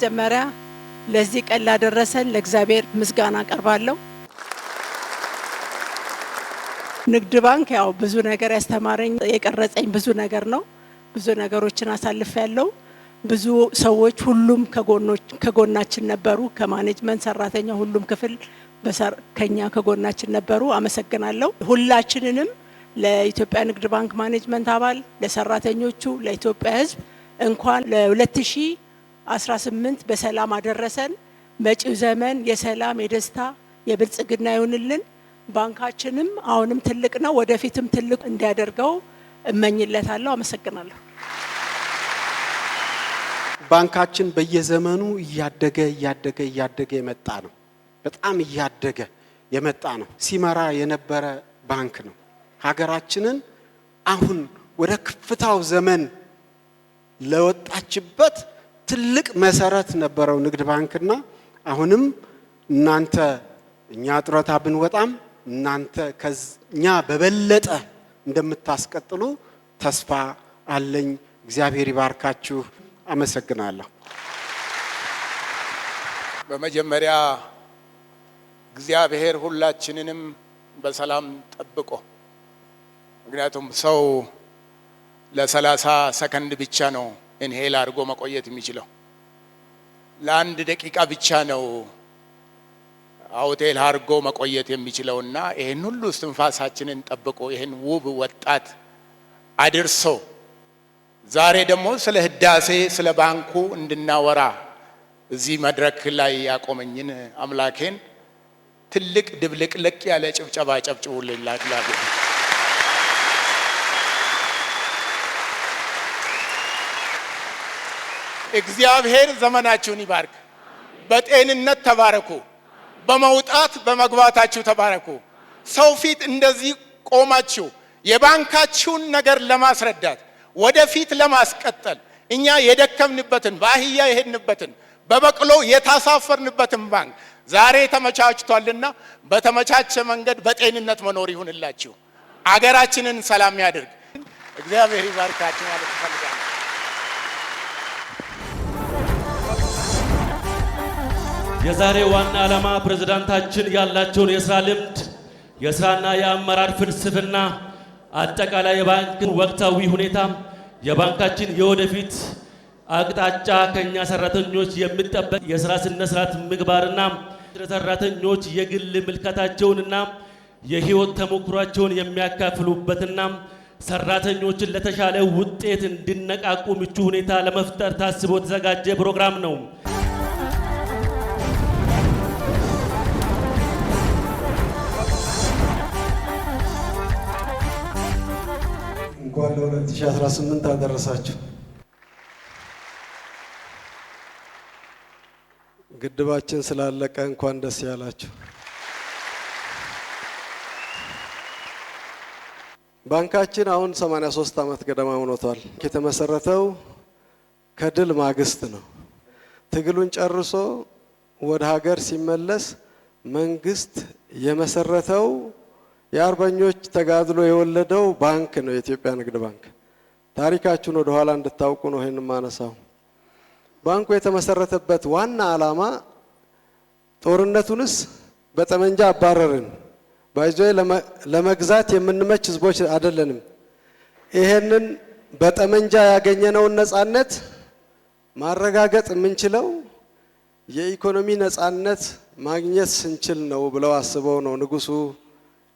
በመጀመሪያ ለዚህ ቀን ላደረሰን ለእግዚአብሔር ምስጋና አቀርባለሁ። ንግድ ባንክ ያው ብዙ ነገር ያስተማረኝ የቀረጸኝ ብዙ ነገር ነው። ብዙ ነገሮችን አሳልፍ ያለው ብዙ ሰዎች ሁሉም ከጎናችን ነበሩ። ከማኔጅመንት ሰራተኛ፣ ሁሉም ክፍል ከኛ ከጎናችን ነበሩ። አመሰግናለሁ ሁላችንንም ለኢትዮጵያ ንግድ ባንክ ማኔጅመንት አባል፣ ለሰራተኞቹ፣ ለኢትዮጵያ ሕዝብ እንኳን ለ2000 18 በሰላም አደረሰን። መጪው ዘመን የሰላም የደስታ የብልጽግና ይሆንልን። ባንካችንም አሁንም ትልቅ ነው፣ ወደፊትም ትልቅ እንዲያደርገው እመኝለታለሁ። አመሰግናለሁ። ባንካችን በየዘመኑ እያደገ እያደገ እያደገ የመጣ ነው። በጣም እያደገ የመጣ ነው። ሲመራ የነበረ ባንክ ነው። ሀገራችንን አሁን ወደ ከፍታው ዘመን ለወጣችበት ትልቅ መሰረት ነበረው ንግድ ባንክና አሁንም እናንተ እኛ ጡረታ ብንወጣም እናንተ ከኛ በበለጠ እንደምታስቀጥሉ ተስፋ አለኝ። እግዚአብሔር ይባርካችሁ። አመሰግናለሁ። በመጀመሪያ እግዚአብሔር ሁላችንንም በሰላም ጠብቆ ምክንያቱም ሰው ለሰላሳ ሰከንድ ብቻ ነው ኢንሄል አድርጎ መቆየት የሚችለው ለአንድ ደቂቃ ብቻ ነው አውቴል አድርጎ መቆየት የሚችለውና ይህን ሁሉ እስትንፋሳችንን ጠብቆ ይህን ውብ ወጣት አድርሶ ዛሬ ደግሞ ስለ ህዳሴ ስለ ባንኩ እንድናወራ እዚህ መድረክ ላይ ያቆመኝን አምላኬን ትልቅ ድብልቅልቅ ያለ ጭብጨባ ጨብጭቡልኝ። እግዚአብሔር ዘመናችሁን ይባርክ። በጤንነት ተባረኩ። በመውጣት በመግባታችሁ ተባረኩ። ሰው ፊት እንደዚህ ቆማችሁ የባንካችሁን ነገር ለማስረዳት ወደፊት ለማስቀጠል እኛ የደከምንበትን በአህያ የሄድንበትን በበቅሎ የታሳፈርንበትን ባንክ ዛሬ ተመቻችቷልና በተመቻቸ መንገድ በጤንነት መኖር ይሁንላችሁ። አገራችንን ሰላም ያድርግ። እግዚአብሔር ይባርካችሁ ማለት እፈልጋለሁ። የዛሬ ዋና ዓላማ ፕሬዝዳንታችን ያላቸውን የስራ ልምድ፣ የስራና የአመራር ፍልስፍና፣ አጠቃላይ የባንክን ወቅታዊ ሁኔታ፣ የባንካችን የወደፊት አቅጣጫ፣ ከኛ ሰራተኞች የሚጠበቅ የስራ ስነ ስርዓት ምግባርና ለሰራተኞች የግል ምልከታቸውንና የህይወት ተሞክሯቸውን የሚያካፍሉበትና ሰራተኞችን ለተሻለ ውጤት እንዲነቃቁ ምቹ ሁኔታ ለመፍጠር ታስቦ የተዘጋጀ ፕሮግራም ነው። እንኳን ለ2018 አደረሳችሁ። ግድባችን ስላለቀ እንኳን ደስ ያላችሁ። ባንካችን አሁን 83 ዓመት ገደማ ሆኖቷል። የተመሰረተው ከድል ማግስት ነው። ትግሉን ጨርሶ ወደ ሀገር ሲመለስ መንግስት የመሰረተው የአርበኞች ተጋድሎ የወለደው ባንክ ነው፣ የኢትዮጵያ ንግድ ባንክ። ታሪካችሁን ወደ ኋላ እንድታውቁ ነው ይህን ማነሳው። ባንኩ የተመሰረተበት ዋና ዓላማ ጦርነቱንስ በጠመንጃ አባረርን፣ ባይዞ ለመግዛት የምንመች ህዝቦች አይደለንም። ይሄንን በጠመንጃ ያገኘነውን ነጻነት ማረጋገጥ የምንችለው የኢኮኖሚ ነጻነት ማግኘት ስንችል ነው ብለው አስበው ነው ንጉሱ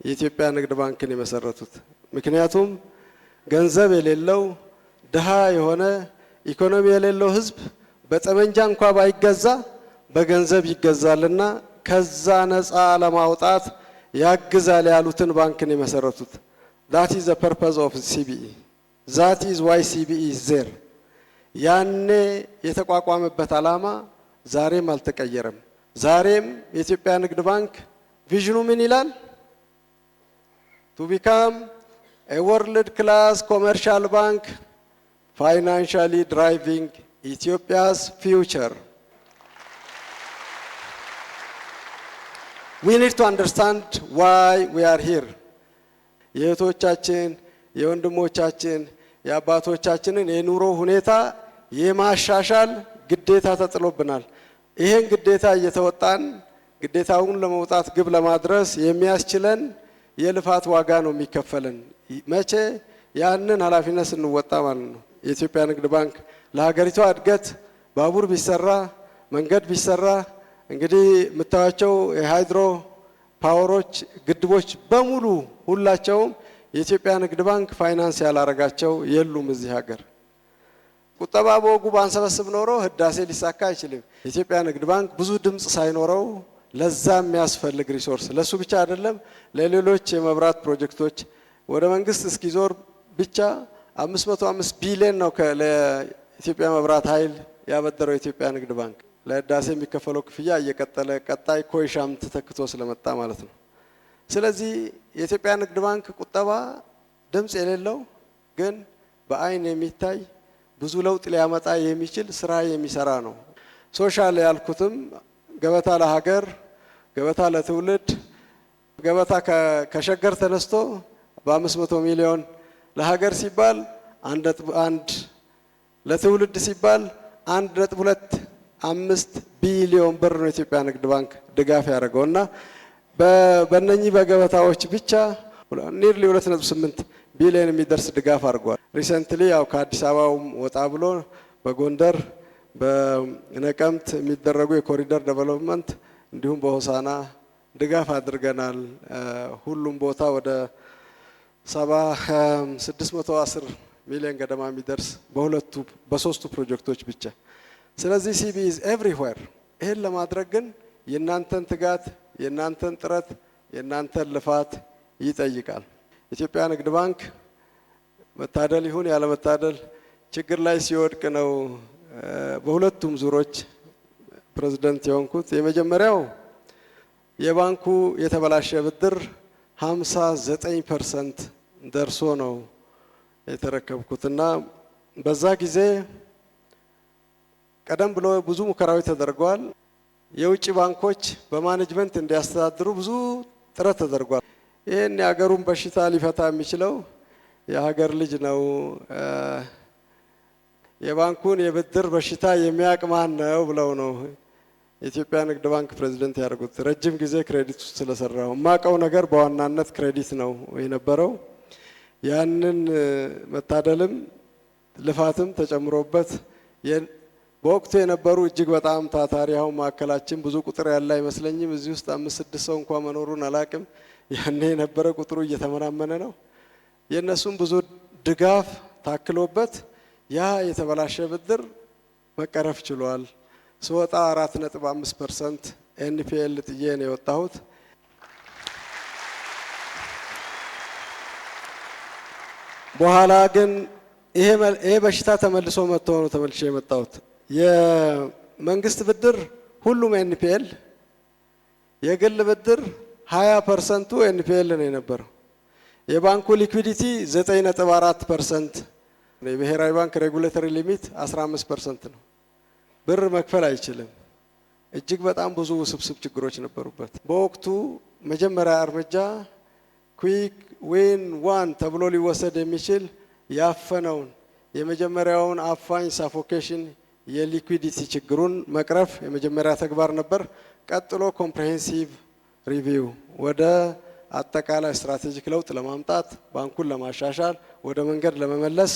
የኢትዮጵያ ንግድ ባንክን የመሰረቱት። ምክንያቱም ገንዘብ የሌለው ድሃ የሆነ ኢኮኖሚ የሌለው ህዝብ በጠመንጃ እንኳ ባይገዛ በገንዘብ ይገዛልና ከዛ ነፃ ለማውጣት ያግዛል ያሉትን ባንክን የመሰረቱት። ዛት ኢዝ ዘ ፐርፐዝ ኦፍ ሲቢኢ ዛት ኢዝ ዋይ ሲቢኢ ዜር ያኔ የተቋቋመበት ዓላማ ዛሬም አልተቀየረም። ዛሬም የኢትዮጵያ ንግድ ባንክ ቪዥኑ ምን ይላል? to become a world-class commercial bank, financially driving Ethiopia's future. we need to understand why we are here. የእህቶቻችን የወንድሞቻችን የአባቶቻችንን የኑሮ ሁኔታ የማሻሻል ግዴታ ተጥሎብናል። ይህን ግዴታ እየተወጣን ግዴታውን ለመውጣት ግብ ለማድረስ የሚያስችለን የልፋት ዋጋ ነው የሚከፈለን። መቼ ያንን ኃላፊነት ስንወጣ ማለት ነው። የኢትዮጵያ ንግድ ባንክ ለሀገሪቷ እድገት ባቡር ቢሰራ መንገድ ቢሰራ እንግዲህ የምታዩቸው የሃይድሮ ፓወሮች ግድቦች በሙሉ ሁላቸውም የኢትዮጵያ ንግድ ባንክ ፋይናንስ ያላረጋቸው የሉም። እዚህ ሀገር ቁጠባ በወጉ ባንሰበስብ ኖሮ ህዳሴ ሊሳካ አይችልም። የኢትዮጵያ ንግድ ባንክ ብዙ ድምፅ ሳይኖረው ለዛ የሚያስፈልግ ሪሶርስ ለሱ ብቻ አይደለም፣ ለሌሎች የመብራት ፕሮጀክቶች ወደ መንግስት እስኪዞር ብቻ 505 ቢሊዮን ነው ለኢትዮጵያ መብራት ኃይል ያበደረው የኢትዮጵያ ንግድ ባንክ። ለህዳሴ የሚከፈለው ክፍያ እየቀጠለ ቀጣይ ኮይሻም ተተክቶ ስለመጣ ማለት ነው። ስለዚህ የኢትዮጵያ ንግድ ባንክ ቁጠባ ድምፅ የሌለው ግን በአይን የሚታይ ብዙ ለውጥ ሊያመጣ የሚችል ስራ የሚሰራ ነው። ሶሻል ያልኩትም ገበታ ለሀገር ገበታ ለትውልድ ገበታ ከሸገር ተነስቶ በአምስት መቶ ሚሊዮን ለሀገር ሲባል አንድ ለትውልድ ሲባል አንድ ነጥብ ሁለት አምስት ቢሊዮን ብር ነው የኢትዮጵያ ንግድ ባንክ ድጋፍ ያደረገው እና በእነኚህ በገበታዎች ብቻ ኒርሊ ሁለት ነጥብ ስምንት ቢሊዮን የሚደርስ ድጋፍ አድርጓል። ሪሰንትሊ ያው ከአዲስ አበባውም ወጣ ብሎ በጎንደር በነቀምት የሚደረጉ የኮሪደር ዴቨሎፕመንት እንዲሁም በሆሳና ድጋፍ አድርገናል። ሁሉም ቦታ ወደ ሰባ ስድስት መቶ አስር ሚሊዮን ገደማ የሚደርስ በሁለቱ በሶስቱ ፕሮጀክቶች ብቻ። ስለዚህ ሲቢ ኢዝ ኤቭሪዌር። ይህን ለማድረግ ግን የእናንተን ትጋት፣ የእናንተን ጥረት፣ የእናንተን ልፋት ይጠይቃል። ኢትዮጵያ ንግድ ባንክ መታደል ይሁን ያለመታደል ችግር ላይ ሲወድቅ ነው በሁለቱም ዙሮች ፕሬዝደንት የሆንኩት የመጀመሪያው የባንኩ የተበላሸ ብድር 59 ፐርሰንት ደርሶ ነው የተረከብኩትና በዛ ጊዜ ቀደም ብሎ ብዙ ሙከራዎች ተደርጓል። የውጭ ባንኮች በማኔጅመንት እንዲያስተዳድሩ ብዙ ጥረት ተደርጓል። ይህን የሀገሩን በሽታ ሊፈታ የሚችለው የሀገር ልጅ ነው፣ የባንኩን የብድር በሽታ የሚያቅማን ነው ብለው ነው የኢትዮጵያ ንግድ ባንክ ፕሬዚደንት ያደርጉት ረጅም ጊዜ ክሬዲት ውስጥ ስለሰራው የማውቀው ነገር በዋናነት ክሬዲት ነው የነበረው። ያንን መታደልም ልፋትም ተጨምሮበት በወቅቱ የነበሩ እጅግ በጣም ታታሪ አሁን ማዕከላችን ብዙ ቁጥር ያለ አይመስለኝም። እዚህ ውስጥ አምስት ስድስት ሰው እንኳ መኖሩን አላቅም። ያኔ የነበረ ቁጥሩ እየተመናመነ ነው። የእነሱም ብዙ ድጋፍ ታክሎበት ያ የተበላሸ ብድር መቀረፍ ችሏል። ስወጣ አራት ነጥብ አምስት ፐርሰንት ኤንፒኤል ጥዬ ነው የወጣሁት። በኋላ ግን ይሄ በሽታ ተመልሶ መጥቶ ነው ተመልሼ የመጣሁት። የመንግስት ብድር ሁሉም ኤንፒኤል፣ የግል ብድር ሀያ ፐርሰንቱ ኤንፒኤል ነው የነበረው። የባንኩ ሊኩዲቲ ዘጠኝ ነጥብ አራት ፐርሰንት፣ የብሔራዊ ባንክ ሬጉሌተሪ ሊሚት አስራ አምስት ፐርሰንት ነው። ብር መክፈል አይችልም። እጅግ በጣም ብዙ ውስብስብ ችግሮች ነበሩበት። በወቅቱ መጀመሪያ እርምጃ ኩዊክ ዌን ዋን ተብሎ ሊወሰድ የሚችል ያፈነውን የመጀመሪያውን አፋኝ ሳፎኬሽን የሊኩዲቲ ችግሩን መቅረፍ የመጀመሪያ ተግባር ነበር። ቀጥሎ ኮምፕሬሄንሲቭ ሪቪው ወደ አጠቃላይ ስትራቴጂክ ለውጥ ለማምጣት ባንኩን ለማሻሻል ወደ መንገድ ለመመለስ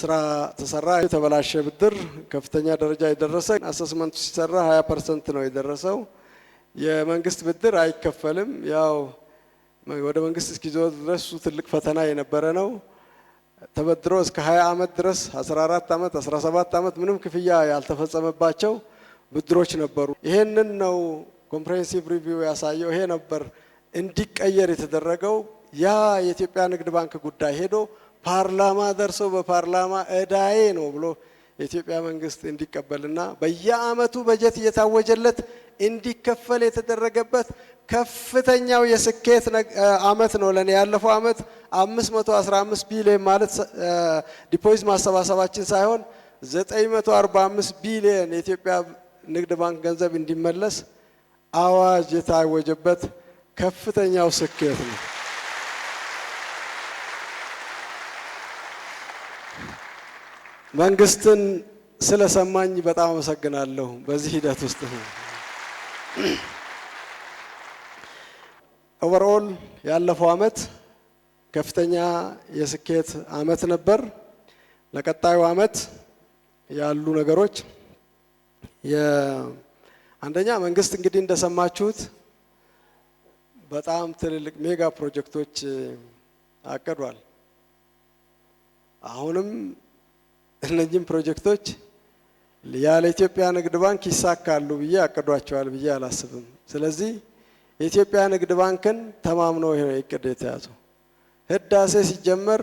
ስራ ተሰራ። የተበላሸ ብድር ከፍተኛ ደረጃ የደረሰ አሰስመንቱ ሲሰራ 20 ፐርሰንት ነው የደረሰው። የመንግስት ብድር አይከፈልም። ያው ወደ መንግስት እስኪዞር ድረስ ትልቅ ፈተና የነበረ ነው። ተበድሮ እስከ 20 ዓመት ድረስ 14 ዓመት 17 ዓመት ምንም ክፍያ ያልተፈጸመባቸው ብድሮች ነበሩ። ይሄንን ነው ኮምፕሬሄንሲቭ ሪቪው ያሳየው። ይሄ ነበር እንዲቀየር የተደረገው። ያ የኢትዮጵያ ንግድ ባንክ ጉዳይ ሄዶ ፓርላማ ደርሶ በፓርላማ እዳዬ ነው ብሎ የኢትዮጵያ መንግስት እንዲቀበልና በየአመቱ በጀት እየታወጀለት እንዲከፈል የተደረገበት ከፍተኛው የስኬት አመት ነው ለኔ ያለፈው አመት 515 ቢሊዮን ማለት ዲፖዚት ማሰባሰባችን ሳይሆን 945 ቢሊዮን የኢትዮጵያ ንግድ ባንክ ገንዘብ እንዲመለስ አዋጅ የታወጀበት ከፍተኛው ስኬት ነው። መንግስትን ስለሰማኝ በጣም አመሰግናለሁ። በዚህ ሂደት ውስጥ ኦቨርኦል ያለፈው አመት ከፍተኛ የስኬት አመት ነበር። ለቀጣዩ አመት ያሉ ነገሮች አንደኛ መንግስት እንግዲህ እንደሰማችሁት በጣም ትልልቅ ሜጋ ፕሮጀክቶች አቅዷል። አሁንም እነዚህም ፕሮጀክቶች ያለ ኢትዮጵያ ንግድ ባንክ ይሳካሉ ብዬ አቅዷቸዋል ብዬ አላስብም። ስለዚህ የኢትዮጵያ ንግድ ባንክን ተማምነው ይሄ እቅድ የተያዙ ህዳሴ ሲጀመር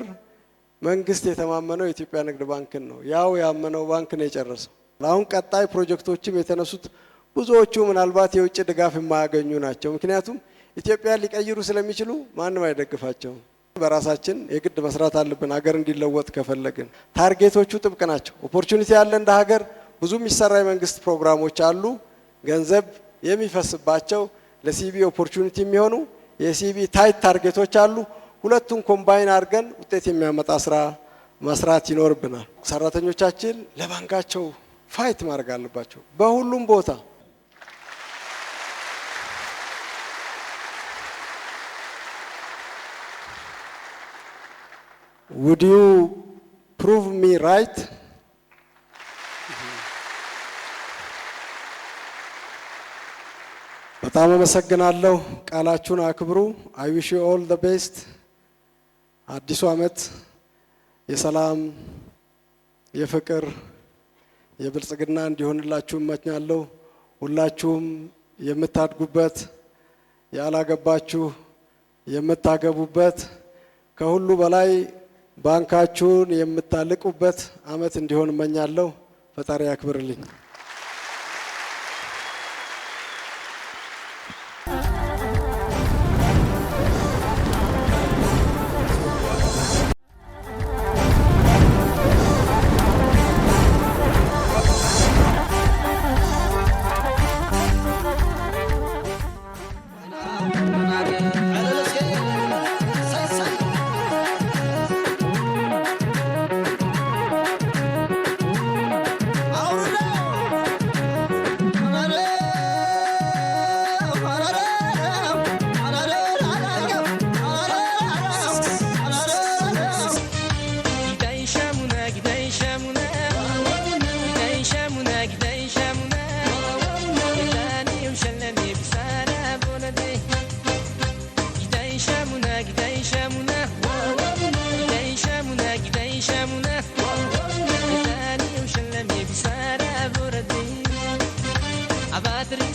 መንግስት የተማመነው የኢትዮጵያ ንግድ ባንክን ነው። ያው ያመነው ባንክ ነው የጨረሰው። አሁን ቀጣይ ፕሮጀክቶችም የተነሱት ብዙዎቹ ምናልባት የውጭ ድጋፍ የማያገኙ ናቸው። ምክንያቱም ኢትዮጵያ ሊቀይሩ ስለሚችሉ ማንም አይደግፋቸውም። በራሳችን የግድ መስራት አለብን። ሀገር እንዲለወጥ ከፈለግን ታርጌቶቹ ጥብቅ ናቸው። ኦፖርቹኒቲ ያለ እንደ ሀገር ብዙ የሚሰራ የመንግስት ፕሮግራሞች አሉ። ገንዘብ የሚፈስባቸው ለሲቪ ኦፖርቹኒቲ የሚሆኑ የሲቪ ታይት ታርጌቶች አሉ። ሁለቱን ኮምባይን አድርገን ውጤት የሚያመጣ ስራ መስራት ይኖርብናል። ሰራተኞቻችን ለባንካቸው ፋይት ማድረግ አለባቸው በሁሉም ቦታ ውድ ዩ ፕሩቭ ሚ ራይት? በጣም አመሰግናለሁ። ቃላችሁን አክብሩ። አይ ዊሽ ዩ ኦል ዘ ቤስት። አዲሱ ዓመት የሰላም የፍቅር፣ የብልጽግና እንዲሆንላችሁ እመኛለሁ። ሁላችሁም የምታድጉበት፣ ያላገባችሁ የምታገቡበት፣ ከሁሉ በላይ ባንካችሁን የምታልቁበት አመት እንዲሆን እመኛለሁ። ፈጣሪ ያክብርልኝ።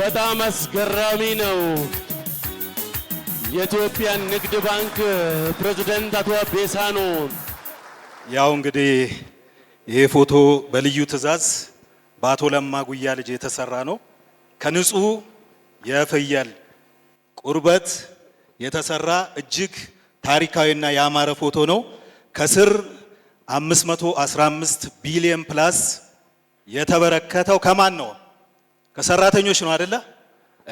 በጣም አስገራሚ ነው። የኢትዮጵያ ንግድ ባንክ ፕሬዝዳንት አቶ አቤሳኖ ያው እንግዲህ ይሄ ፎቶ በልዩ ትዕዛዝ በአቶ ለማ ጉያ ልጅ የተሰራ ነው። ከንጹህ የፍየል ቁርበት የተሰራ እጅግ ታሪካዊና ያማረ ፎቶ ነው። ከስር 515 ቢሊዮን ፕላስ የተበረከተው ከማን ነው? ከሰራተኞች ነው አደለ?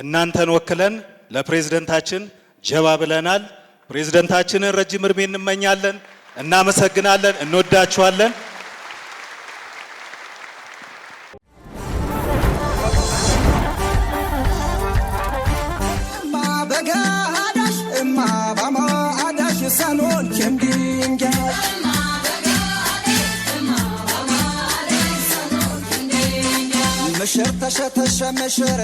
እናንተን ወክለን ለፕሬዝደንታችን ጀባ ብለናል። ፕሬዝደንታችንን ረጅም እርሜ እንመኛለን። እናመሰግናለን። እንወዳችኋለን። እማ እማ ሰኖን ተሸር ተሸ ተሸመሸረ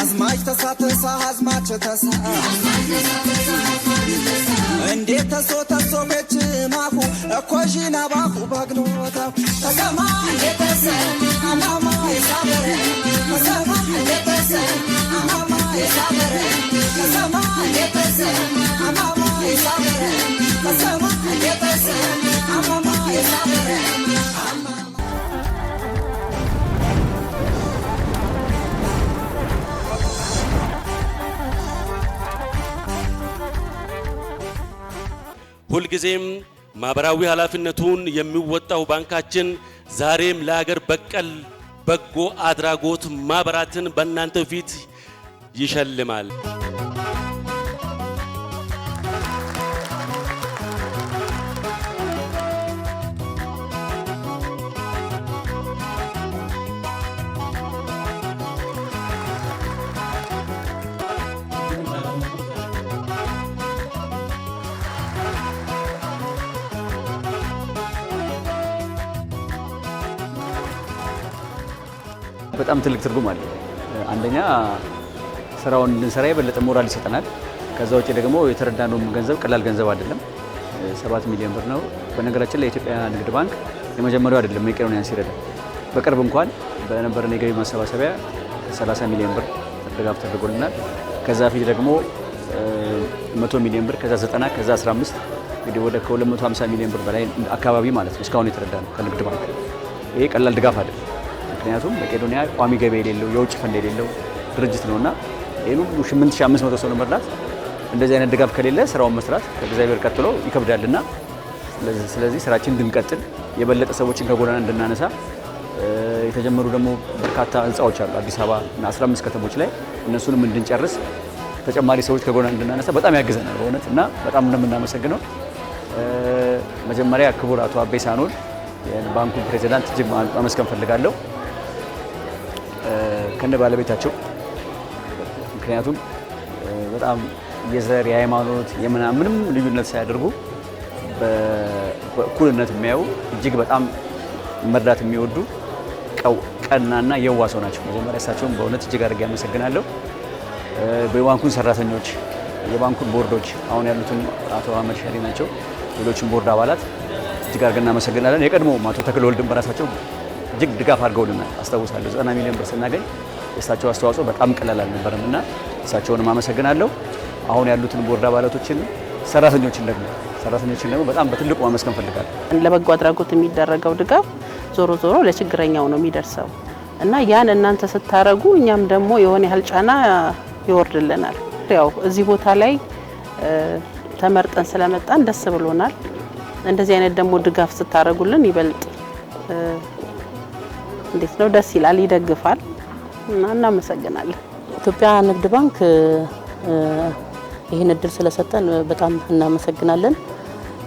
አዝማች ተሳተሳ አዝማች እንዴት ተሶ ተሶ ገች ማኩ እኮዢና ሁልጊዜም ማህበራዊ ኃላፊነቱን የሚወጣው ባንካችን ዛሬም ለሀገር በቀል በጎ አድራጎት ማህበራትን በእናንተ ፊት ይሸልማል። በጣም ትልቅ ትርጉም አለ። አንደኛ ስራውን እንድንሰራ የበለጠ ሞራል ይሰጠናል። ከዛ ውጭ ደግሞ የተረዳነውም ገንዘብ ቀላል ገንዘብ አይደለም፣ ሰባት ሚሊዮን ብር ነው። በነገራችን ላይ የኢትዮጵያ ንግድ ባንክ የመጀመሪያው አይደለም መቄዶንያን ሲረዳ። በቅርብ እንኳን በነበረን የገቢ ማሰባሰቢያ 30 ሚሊዮን ብር ድጋፍ ተደርጎልናል። ከዛ ፊት ደግሞ 100 ሚሊዮን ብር ከዛ 90 ከዛ 15 እንግዲህ ወደ ከ250 ሚሊዮን ብር በላይ አካባቢ ማለት ነው እስካሁን የተረዳ ነው ከንግድ ባንክ። ይሄ ቀላል ድጋፍ አይደለም። ምክንያቱም መቄዶኒያ ቋሚ ገቢ የሌለው የውጭ ፈንድ የሌለው ድርጅት እና ይህን ሁሉ 8500 ሰው ለመርዳት እንደዚህ አይነት ድጋፍ ከሌለ ስራውን መስራት ከእግዚአብሔር ቀጥሎ ይከብዳልና ስለዚህ ስራችን እንድንቀጥል የበለጠ ሰዎችን ከጎዳና እንድናነሳ የተጀመሩ ደግሞ በርካታ ህንፃዎች አሉ አዲስ አበባ እና 15 ከተሞች ላይ እነሱንም እንድንጨርስ ተጨማሪ ሰዎች ከጎዳና እንድናነሳ በጣም ያግዘናል በእውነት እና በጣም እንደምናመሰግነው መጀመሪያ ክቡር አቶ አቤ ሳኖል የባንኩን ፕሬዚዳንት እጅግ ማመስገን ፈልጋለሁ። ከነ ባለቤታቸው ምክንያቱም በጣም የዘር የሃይማኖት የምናምንም ልዩነት ሳያደርጉ በእኩልነት የሚያዩ እጅግ በጣም መርዳት የሚወዱ ቀናና የዋ ሰው ናቸው። መጀመሪያ እሳቸውን በእውነት እጅግ አድርጌ ያመሰግናለሁ። የባንኩን ሰራተኞች፣ የባንኩን ቦርዶች አሁን ያሉትም አቶ አህመድ ሻሪ ናቸው። ሌሎችም ቦርድ አባላት እጅግ አድርገን እናመሰግናለን። የቀድሞ አቶ ተክለ በራሳቸው እጅግ ድጋፍ አድርገውልናል። አስታውሳለሁ ዘጠና ሚሊዮን ብር ስናገኝ የእሳቸው አስተዋጽኦ በጣም ቀላል አልነበረም እና እሳቸውንም አመሰግናለሁ። አሁን ያሉትን ቦርድ አባላቶችን፣ ሰራተኞችን ደግሞ ሰራተኞችን ደግሞ በጣም በትልቁ ማመስገን ፈልጋለሁ። ለበጎ አድራጎት የሚደረገው ድጋፍ ዞሮ ዞሮ ለችግረኛው ነው የሚደርሰው እና ያን እናንተ ስታረጉ እኛም ደግሞ የሆነ ያህል ጫና ይወርድልናል። ያው እዚህ ቦታ ላይ ተመርጠን ስለመጣን ደስ ብሎናል። እንደዚህ አይነት ደግሞ ድጋፍ ስታደርጉልን ይበልጥ እንዴት ነው ደስ ይላል፣ ይደግፋል። እና እናመሰግናለን። ኢትዮጵያ ንግድ ባንክ ይህን እድል ስለሰጠን በጣም እናመሰግናለን።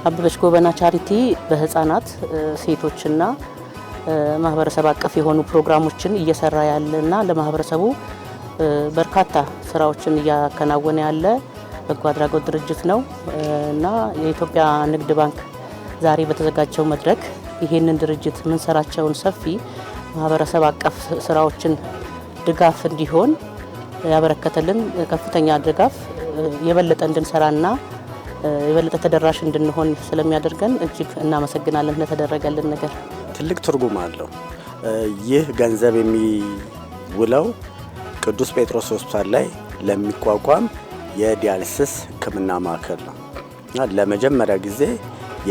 አበበች ጎበና ቻሪቲ በህፃናት ሴቶችና ማህበረሰብ አቀፍ የሆኑ ፕሮግራሞችን እየሰራ ያለና ለማህበረሰቡ በርካታ ስራዎችን እያከናወነ ያለ በጎ አድራጎት ድርጅት ነው እና የኢትዮጵያ ንግድ ባንክ ዛሬ በተዘጋጀው መድረክ ይህንን ድርጅት ምንሰራቸውን ሰፊ ማህበረሰብ አቀፍ ስራዎችን ድጋፍ እንዲሆን ያበረከተልን ከፍተኛ ድጋፍ የበለጠ እንድንሰራና የበለጠ ተደራሽ እንድንሆን ስለሚያደርገን እጅግ እናመሰግናለን ለተደረገልን ነገር። ትልቅ ትርጉም አለው። ይህ ገንዘብ የሚውለው ቅዱስ ጴጥሮስ ሆስፒታል ላይ ለሚቋቋም የዲያልስስ ሕክምና ማዕከል ነው እና ለመጀመሪያ ጊዜ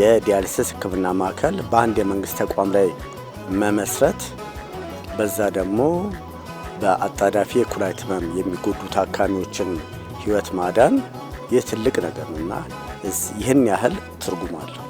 የዲያልስስ ሕክምና ማዕከል በአንድ የመንግስት ተቋም ላይ መመስረት በዛ ደግሞ በአጣዳፊ የኩላሊት ህመም የሚጎዱ ታካሚዎችን ህይወት ማዳን ይህ ትልቅ ነገር ነውና ይህን ያህል ትርጉም አለው።